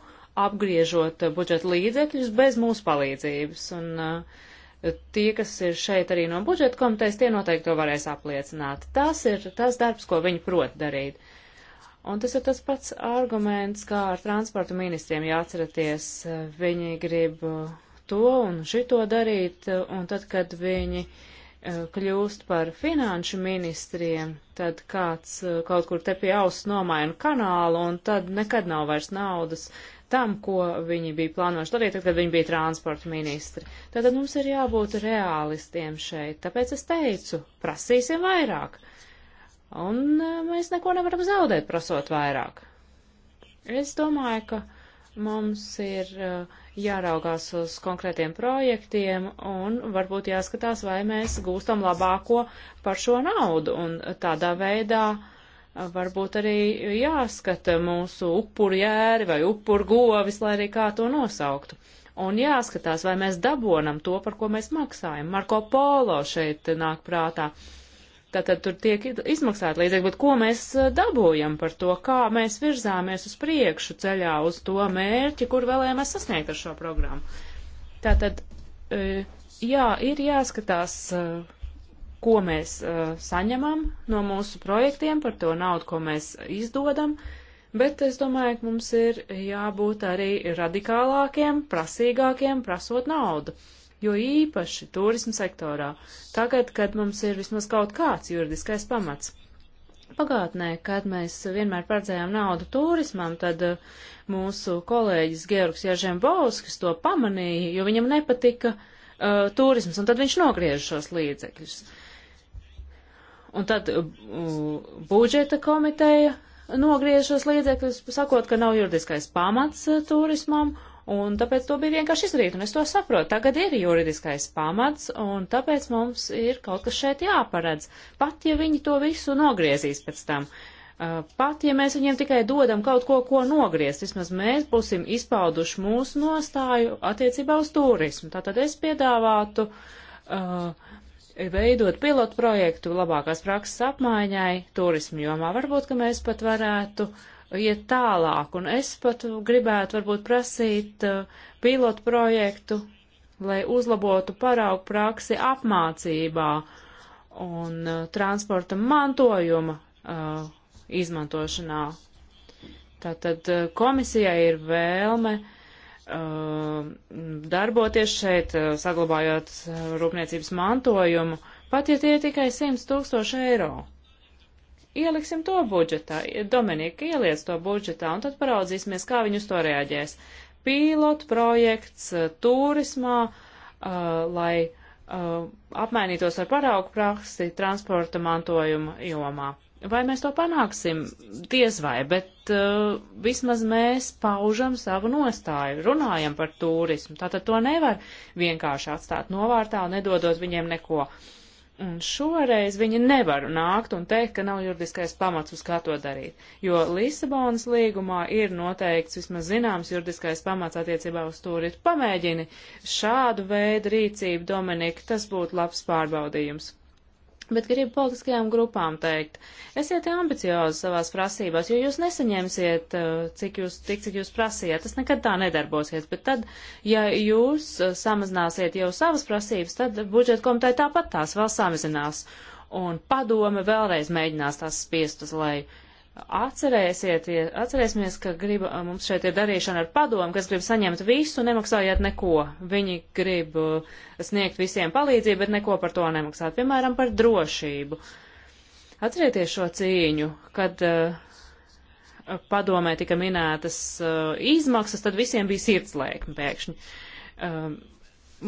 apgriežot budžeta līdzekļus bez mūsu palīdzības. Un, uh, tie, kas ir šeit arī no budžeta komitejas, tie noteikti to varēs apliecināt. Tas ir tas darbs, ko viņi prot darīt. Un tas ir tas pats arguments, kā ar transportu ministriem jāatceraties. Viņi grib to un šito darīt, un tad, kad viņi uh, kļūst par finanšu ministriem, tad kāds eh, kaut kur te pie auss nomaina kanālu un tad nekad nav vairs naudas tam, ko viņi bija plānojuši darīt, tad, kad viņi bija transporta ministri. Tātad mums ir jābūt realistiem šeit, tāpēc es teicu, prasīsim vairāk. Un eh, mēs neko nevaram zaudēt, prasot vairāk. Es domāju, ka mums ir uh, jāraugās uz konkrētiem projektiem un varbūt jāskatās, vai mēs gūstam labāko par šo naudu. Un tādā veidā varbūt arī jāskata mūsu upurjēri vai upurgovis, lai arī kā to nosauktu. Un jāskatās, vai mēs dabonam to, par ko mēs maksājam. Marko Polo šeit nāk prātā. Uh, Tātad tur tiek izmaksāta līdzekļi, bet ko mēs e, dabūjam par to, kā mēs virzāmies uz priekšu ceļā uz to mērķi, kur vēlējāmies sasniegt ar šo programmu. Tātad, e, jā, ir jāskatās, e, ko mēs saņemam no mūsu projektiem, par to naudu, ko mēs izdodam, bet es domāju, ka mums ir jābūt arī radikālākiem, prasīgākiem, prasot naudu. Uh, jo īpaši turismu sektorā, tagad, kad mums ir vismaz kaut kāds juridiskais pamats. Pagātnē, kad mēs vienmēr paredzējām naudu turismam, tad uh, mūsu kolēģis Georgs Jažēm Bauskis to pamanīja, jo viņam nepatika uh, turisms, un tad viņš nogriež šos līdzekļus. Un tad uh, uh budžeta komiteja nogriež šos līdzekļus, sakot, ka nav juridiskais pamats uh, turismam, un tāpēc to bija vienkārši izdarīt, un es to saprotu. Tagad ir juridiskais pamats, un tāpēc mums ir kaut kas šeit jāparedz, pat ja viņi to visu nogriezīs pēc tam. Uh, pat ja mēs viņiem tikai dodam kaut ko, ko nogriezt, vismaz mēs būsim izpauduši mūsu nostāju attiecībā uz turismu. Tātad es piedāvātu uh, veidot pilotu projektu labākās prakses apmaiņai turismu jomā. Varbūt, ka mēs pat varētu uh, iet tālāk, un es pat gribētu varbūt prasīt uh, pilotu projektu, lai uzlabotu paraugu praksi apmācībā un uh, transporta mantojuma uh, izmantošanā. Tātad uh, komisijai ir vēlme uh, darboties šeit, saglabājot rūpniecības mantojumu, pat ja tie ir tikai 100 tūkstoši eiro. Ieliksim to budžetā. Dominika, ieliec to budžetā un tad paraudzīsimies, kā viņi uz to reaģēs. Pilotu projekts eh, turismā, uh, lai uh, apmainītos ar paraugu praksi transporta mantojuma jomā. Vai mēs to panāksim? Diez vai, bet uh, vismaz mēs paužam savu nostāju, runājam par turismu. Tātad to nevar vienkārši atstāt novārtā, nedodot viņiem neko. Uh, Un šoreiz viņi nevar nākt un teikt, ka nav juridiskais pamats, uz kā to darīt, jo Lisabonas līgumā ir noteikts vismaz zināms juridiskais pamats attiecībā uz tūrīt. Pamēģini šādu veidu rīcību, Dominika, tas būtu labs pārbaudījums. Bet gribu politiskajām grupām teikt, esiet ambiciozi savās prasībās, jo jūs nesaņemsiet, uh, cik jūs, tik, cik jūs prasījāt. Tas nekad tā nedarbosies, bet tad, ja jūs uh, samazināsiet jau savas prasības, tad budžeta komiteja tāpat tās vēl samazinās. Un padome vēlreiz mēģinās tās spiest uz leju. Atcerēsiet, atcerēsimies, ka grib, mums šeit ir darīšana ar padomu, kas grib saņemt visu, nemaksājot neko. Viņi grib sniegt visiem palīdzību, bet neko par to nemaksāt. Piemēram, par drošību. Atcerieties šo cīņu, kad uh, padomē tika minētas uh, izmaksas, tad visiem bija sirdslēkme pēkšņi. Uh,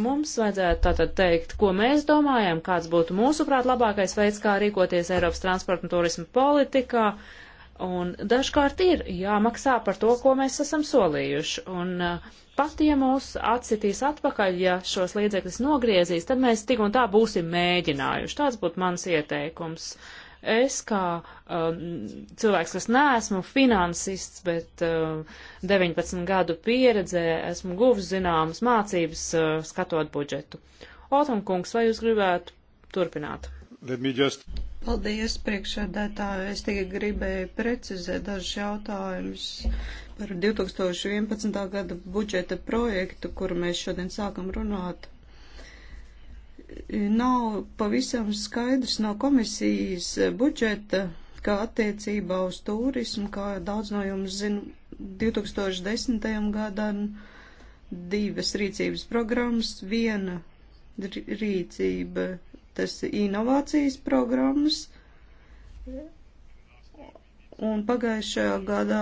mums vajadzētu tātad teikt, ko mēs domājam, kāds būtu mūsuprāt labākais veids, kā rīkoties Eiropas transporta un turisma politikā, Un dažkārt ir jāmaksā par to, ko mēs esam solījuši. Un uh, pat, ja mūs atsitīs atpakaļ, ja šos līdzekļus nogriezīs, tad mēs tik un tā būsim mēģinājuši. Tāds būtu mans ieteikums. Es kā um, cilvēks, kas neesmu finansists, bet um, uh, 19 gadu pieredzē esmu guvis zināmas mācības uh, skatot budžetu. Otam kungs, vai jūs gribētu turpināt? Just... Paldies, priekšsēdētāji. Es tikai gribēju precizēt dažus jautājumus par 2011. gada budžeta projektu, kuru mēs šodien sākam runāt. Nav pavisam skaidrs no komisijas budžeta, kā attiecībā uz turismu, kā daudz no jums zinu, 2010. gadam divas rīcības programmas, viena rīcība tas inovācijas programmas. Un pagājušajā gadā,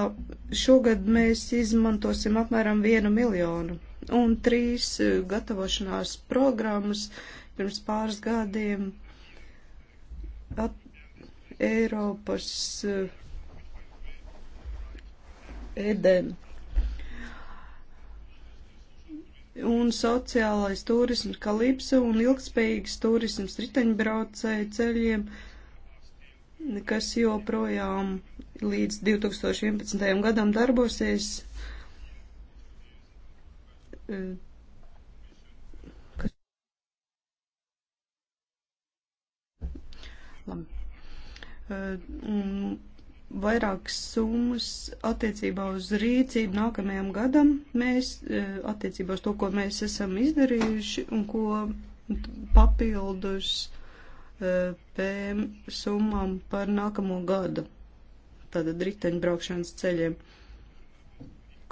šogad mēs izmantosim apmēram vienu miljonu. Un trīs eh, gatavošanās programmas pirms pāris gadiem at, Eiropas uh, Eden un sociālais turisms kalipsa un ilgspējīgs turisms riteņbraucēju ceļiem, kas joprojām līdz 2011. gadam darbosies. Eh, kas... Labi. Eh, un vairākas summas attiecībā uz rīcību nākamajam gadam, mēs e, attiecībā uz to, ko mēs esam izdarījuši un ko papildus e, PM summām par nākamo gadu, tātad riteņbraukšanas ceļiem.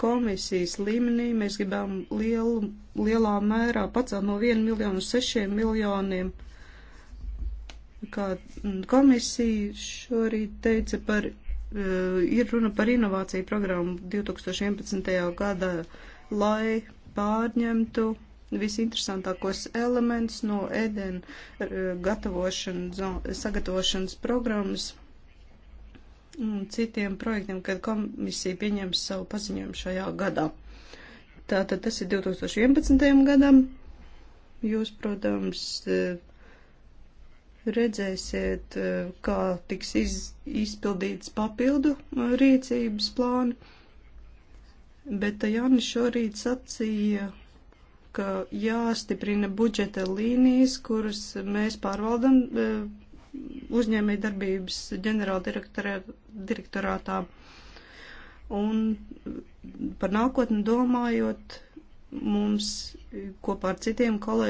Komisijas līmenī mēs gribam lielu, lielā mērā pacelt no 1 miljonu uz 6 miljoniem kā komisija šorīt teica par Eh, ir runa par inovāciju programmu 2011. gadā, lai pārņemtu visinteresantākos elementus no ēdien eh, gatavošanas, sagatavošanas programmas un citiem projektiem, kad komisija pieņems savu paziņojumu šajā gadā. Tātad tas ir 2011. gadam. Jūs, protams, eh, redzēsiet, eh, kā tiks iz, izpildīts papildu eh, rīcības plāni. Bet Jānis šorīt sacīja, ka jāstiprina budžeta līnijas, kuras mēs pārvaldam eh, uzņēmēja darbības ģenerāla direktorātā. Un par nākotni domājot, mums kopā ar citiem kolē,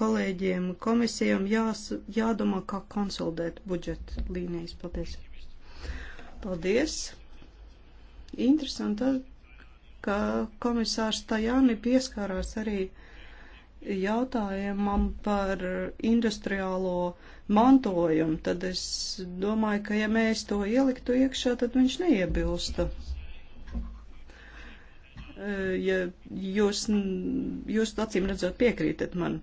kolēģiem komisijām jās, jādomā, kā konsolidēt budžeta līnijas. Paldies! Paldies! Interesanti, ka komisārs Tajāni pieskārās arī jautājumam par industriālo mantojumu, tad es domāju, ka ja mēs to ieliktu iekšā, tad viņš neiebilstu. Eh, ja jūs, jūs acīm redzot piekrītat man.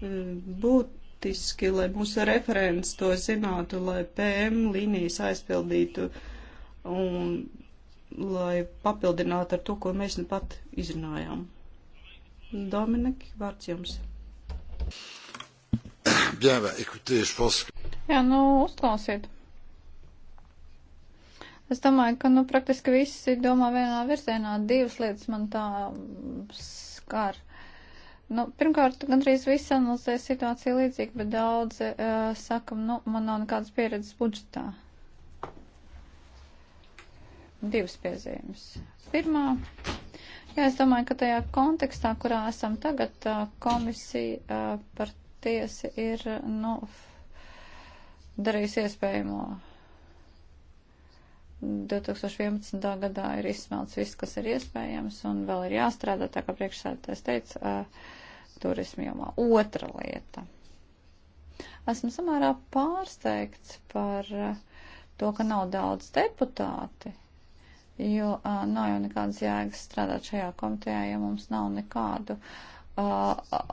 Eh, būtiski, lai mūsu referents to zinātu, lai PM līnijas aizpildītu un lai papildinātu ar to, ko mēs nu pat izrunājām. Dominik, vārds jums. Bien, bah, écoutez, je pense que... Jā, nu, uzklausiet. Es domāju, ka nu, praktiski visi domā vienā virzienā. Divas lietas man tā skar. Nu, pirmkārt, gandrīz visi analizē situāciju līdzīgi, bet daudzi uh, saka, nu, man nav nekādas pieredzes budžetā. Divas piezīmes. Pirmā, jā, es domāju, ka tajā kontekstā, kurā esam tagad, uh, komisija uh, par tiesi ir, nu, darījis iespējamo 2011. gadā ir izsmelts viss, kas ir iespējams, un vēl ir jāstrādā, tā kā priekšsēdētājs teica, turismu jomā. Otra lieta. Esmu samērā pārsteigts par to, ka nav daudz deputāti, jo nav jau nekādas jēgas strādāt šajā komitejā, ja mums nav nekādu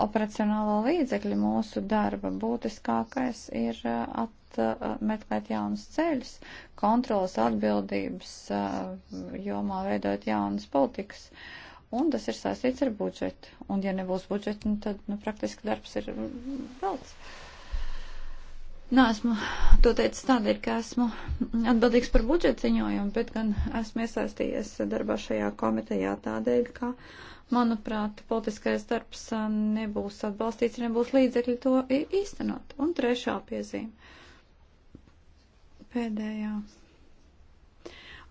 operacionālo līdzekļu mūsu darba. Būtiskākais ir at Uh, meklēt jaunas ceļus, kontrolas atbildības uh, jomā veidot jaunas politikas. Un tas ir saistīts ar budžetu. Un ja nebūs budžeta, nu, tad nu, praktiski darbs ir mm, velts. Nē, esmu to teicis tādēļ, ka esmu atbildīgs par budžeta ziņojumu, bet gan esmu iesaistījies darbā šajā komitejā tādēļ, ka, manuprāt, politiskais darbs um, nebūs atbalstīts, nebūs līdzekļi to īstenot. Un trešā piezīme pēdējā.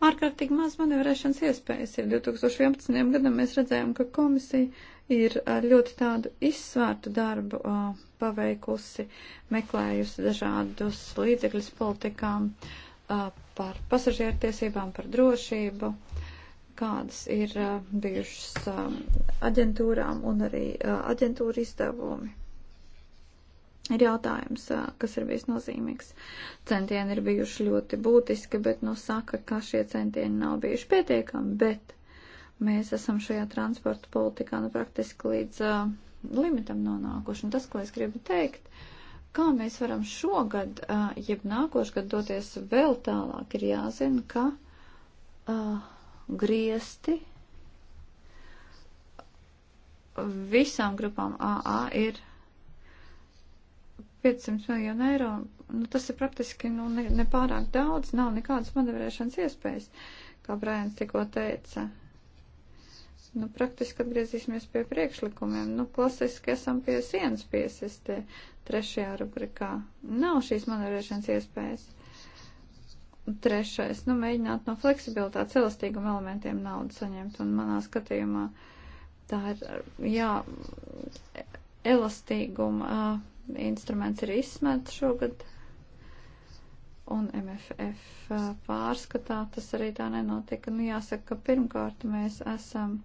Ārkārtīgi maz manevrēšanas iespējas ir. 2011. gadam mēs redzējām, ka komisija ir ļoti tādu izsvērtu darbu paveikusi, meklējusi dažādus līdzekļus politikām par pasažiertiesībām, par drošību kādas ir bijušas aģentūrām un arī aģentūra izdevumi ir jautājums, kas ir visnozīmīgs. Centieni ir bijuši ļoti būtiski, bet nu saka, ka šie centieni nav bijuši pietiekami, bet mēs esam šajā transporta politikā nu praktiski līdz uh, limitam nonākuši. Un tas, ko es gribu teikt, kā mēs varam šogad, uh, jeb nākošgad doties vēl tālāk, ir jāzina, ka uh, griesti visām grupām AA ir 500 miljonu eiro, nu, tas ir praktiski nu, nepārāk ne daudz, nav nekādas manevrēšanas iespējas, kā Brajans tikko teica. Nu, praktiski atgriezīsimies pie priekšlikumiem. Nu, klasiski esam pie sienas piesistē trešajā rubrikā. Nav šīs manevrēšanas iespējas. Trešais, nu, mēģināt no fleksibilitātes elastīguma elementiem naudu saņemt, un manā skatījumā tā ir, jā, elastīguma. Uh, instruments ir izsmēts šogad, un MFF pārskatā tas arī tā nenotika. Nu, jāsaka, ka pirmkārt mēs esam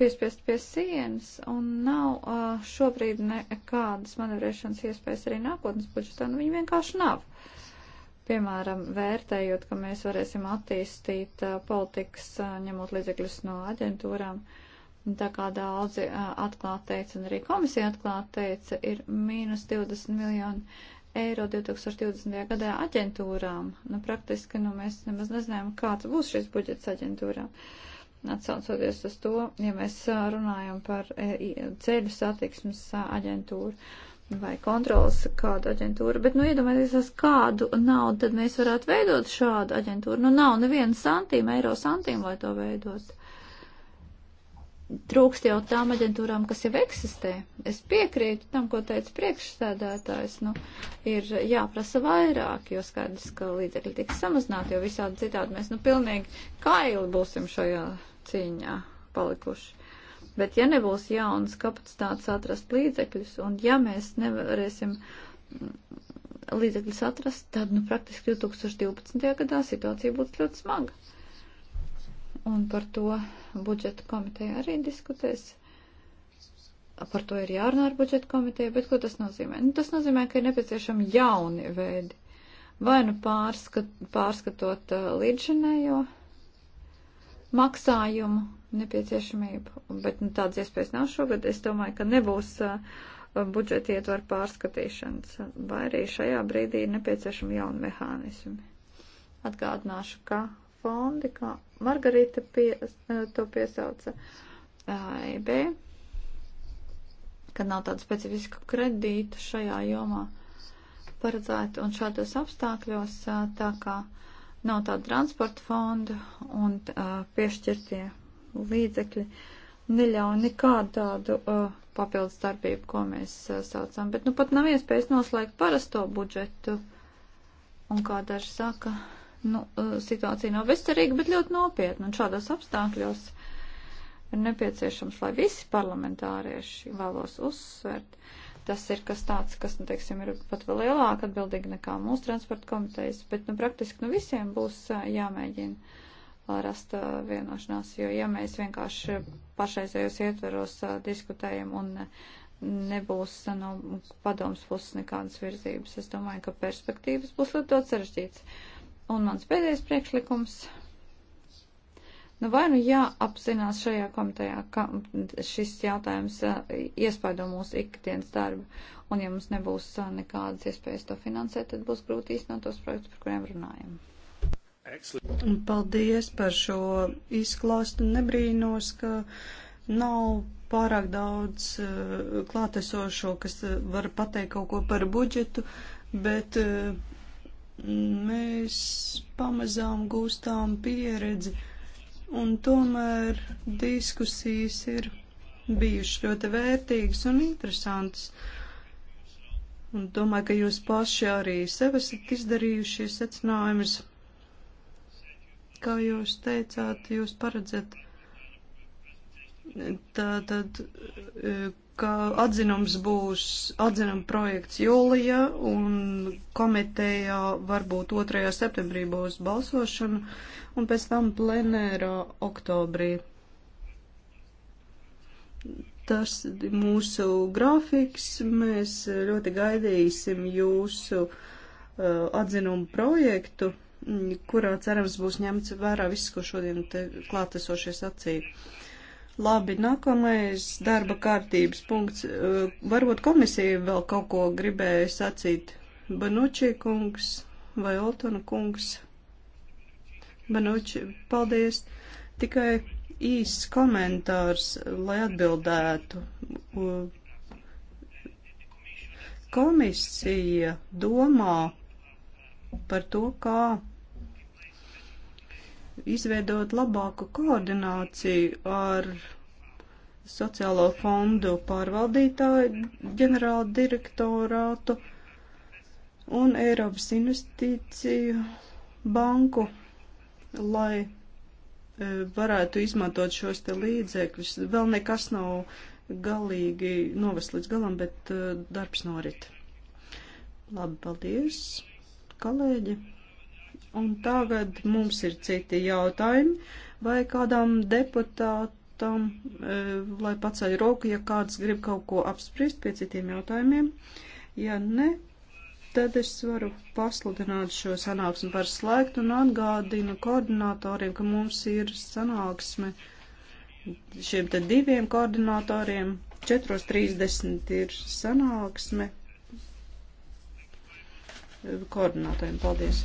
piespiest pie sienas, un nav šobrīd nekādas manevrēšanas iespējas arī nākotnes budžetā, nu viņi vienkārši nav. Piemēram, vērtējot, ka mēs varēsim attīstīt politikas, ņemot līdzekļus no aģentūrām. Uh, Un tā kā daudzi atklāt teica, un arī komisija atklāt teica, ir mīnus 20 miljoni eiro 2020. gadā aģentūrām. Nu, praktiski, nu, mēs nemaz nezinājām, kāds būs šis budžets aģentūrām. Atsaucoties uz to, ja mēs runājam par ceļu satiksmes aģentūru vai kontrolas kādu aģentūru, bet, nu, iedomājieties, kādu naudu tad mēs varētu veidot šādu aģentūru. Nu, nav neviena santīma, eiro santīma, lai to veidotu trūkst jau tām aģentūrām, kas jau eksistē. Es piekrītu tam, ko teica priekšsēdētājs. Nu, ir jāprasa vairāk, jo skaidrs, ka līdzekļi tiks samazināti, jo visādi citādi mēs nu pilnīgi kaili būsim šajā cīņā palikuši. Bet ja nebūs jaunas kapacitātes atrast līdzekļus, un ja mēs nevarēsim mm, līdzekļus atrast, tad nu, praktiski 2012. gadā situācija būtu ļoti smaga un par to budžeta komiteja arī diskutēs. Par to ir jārunā ar budžeta komiteju, bet ko tas nozīmē? Nu, tas nozīmē, ka ir nepieciešami jauni veidi. Vai nu pārskat, pārskatot uh, līdzinējo maksājumu nepieciešamību, bet nu, tādas iespējas nav šogad. Es domāju, ka nebūs uh, budžeta ietvaru pārskatīšanas, vai arī šajā brīdī ir nepieciešami jauni mehānismi. Atgādināšu, ka fondi, kā Margarita pie, eh, to piesauca eh, AIB, ka nav tādu specifisku kredītu šajā jomā paredzētu un šādos apstākļos, eh, tā kā nav tādu transporta fondu un piešķirtie līdzekļi neļauj nekādu tādu uh, papildus darbību, ko mēs uh, saucam. Bet nu pat nav iespējas noslēgt parasto budžetu. Un kā daži saka, nu, eh, situācija nav bezcerīga, bet ļoti nopietna. Un šādos apstākļos ir nepieciešams, lai visi parlamentārieši vēlos uzsvert. Tas ir kas tāds, kas, nu, teiksim, ir pat vēl lielāk atbildīgi nekā mūsu transporta komitejas, bet, nu, praktiski, nu, visiem būs eh, jāmēģina eh, rast vienošanās, jo, ja mēs vienkārši pašreizējos ietveros diskutējam un nebūs no padomas puses nekādas virzības, es domāju, ka perspektīvas būs ļoti sarežģītas Un mans pēdējais priekšlikums. Nu, vai nu jāapzinās šajā komitejā, ka šis jautājums eh, iespaido mūsu ikdienas darbu, un ja mums nebūs eh, nekādas iespējas to finansēt, tad būs grūti īstenot tos projektus, par kuriem runājam. Paldies par šo izklāstu. Nebrīnos, ka nav pārāk daudz eh, klātesošo, kas var pateikt kaut ko par budžetu, bet mēs pamazām gūstām pieredzi, un tomēr diskusijas ir bijušas ļoti vērtīgas un interesantas. Un domāju, ka jūs paši arī sev esat izdarījušies secinājumus. Kā jūs teicāt, jūs paredzat Tātad, e, ka atzinums būs atzinuma projekts jūlijā un komitejā varbūt 2. septembrī būs balsošana un pēc tam plenērā oktobrī. Tas mūsu grafiks, mēs ļoti gaidīsim jūsu uh, e, atzinumu projektu, kurā cerams būs ņemts vērā viss, ko šodien klātesošies acī. Uh, Labi, nākamais darba kārtības punkts. Varbūt komisija vēl kaut ko gribēja sacīt. Banuči kungs vai Oltona kungs. Banuči, paldies. Tikai īsts komentārs, lai atbildētu. Komisija domā par to, kā izveidot labāku koordināciju ar sociālo fondu pārvaldītāju ģenerāla direktorātu un Eiropas investīciju banku, lai e, varētu izmantot šos te līdzekļus. Vēl nekas nav galīgi novest līdz galam, bet e, darbs norit. Labi, paldies, kolēģi! Un tagad mums ir citi jautājumi, vai kādam deputātam, e, lai paceļ roku, ja kāds grib kaut ko apspriest pie citiem jautājumiem. Ja ne, tad es varu pasludināt šo sanāksmi par slēgtu un atgādinu koordinatoriem, ka mums ir sanāksme šiem te diviem koordinatoriem. 4.30 ir sanāksme koordinatoriem. Paldies!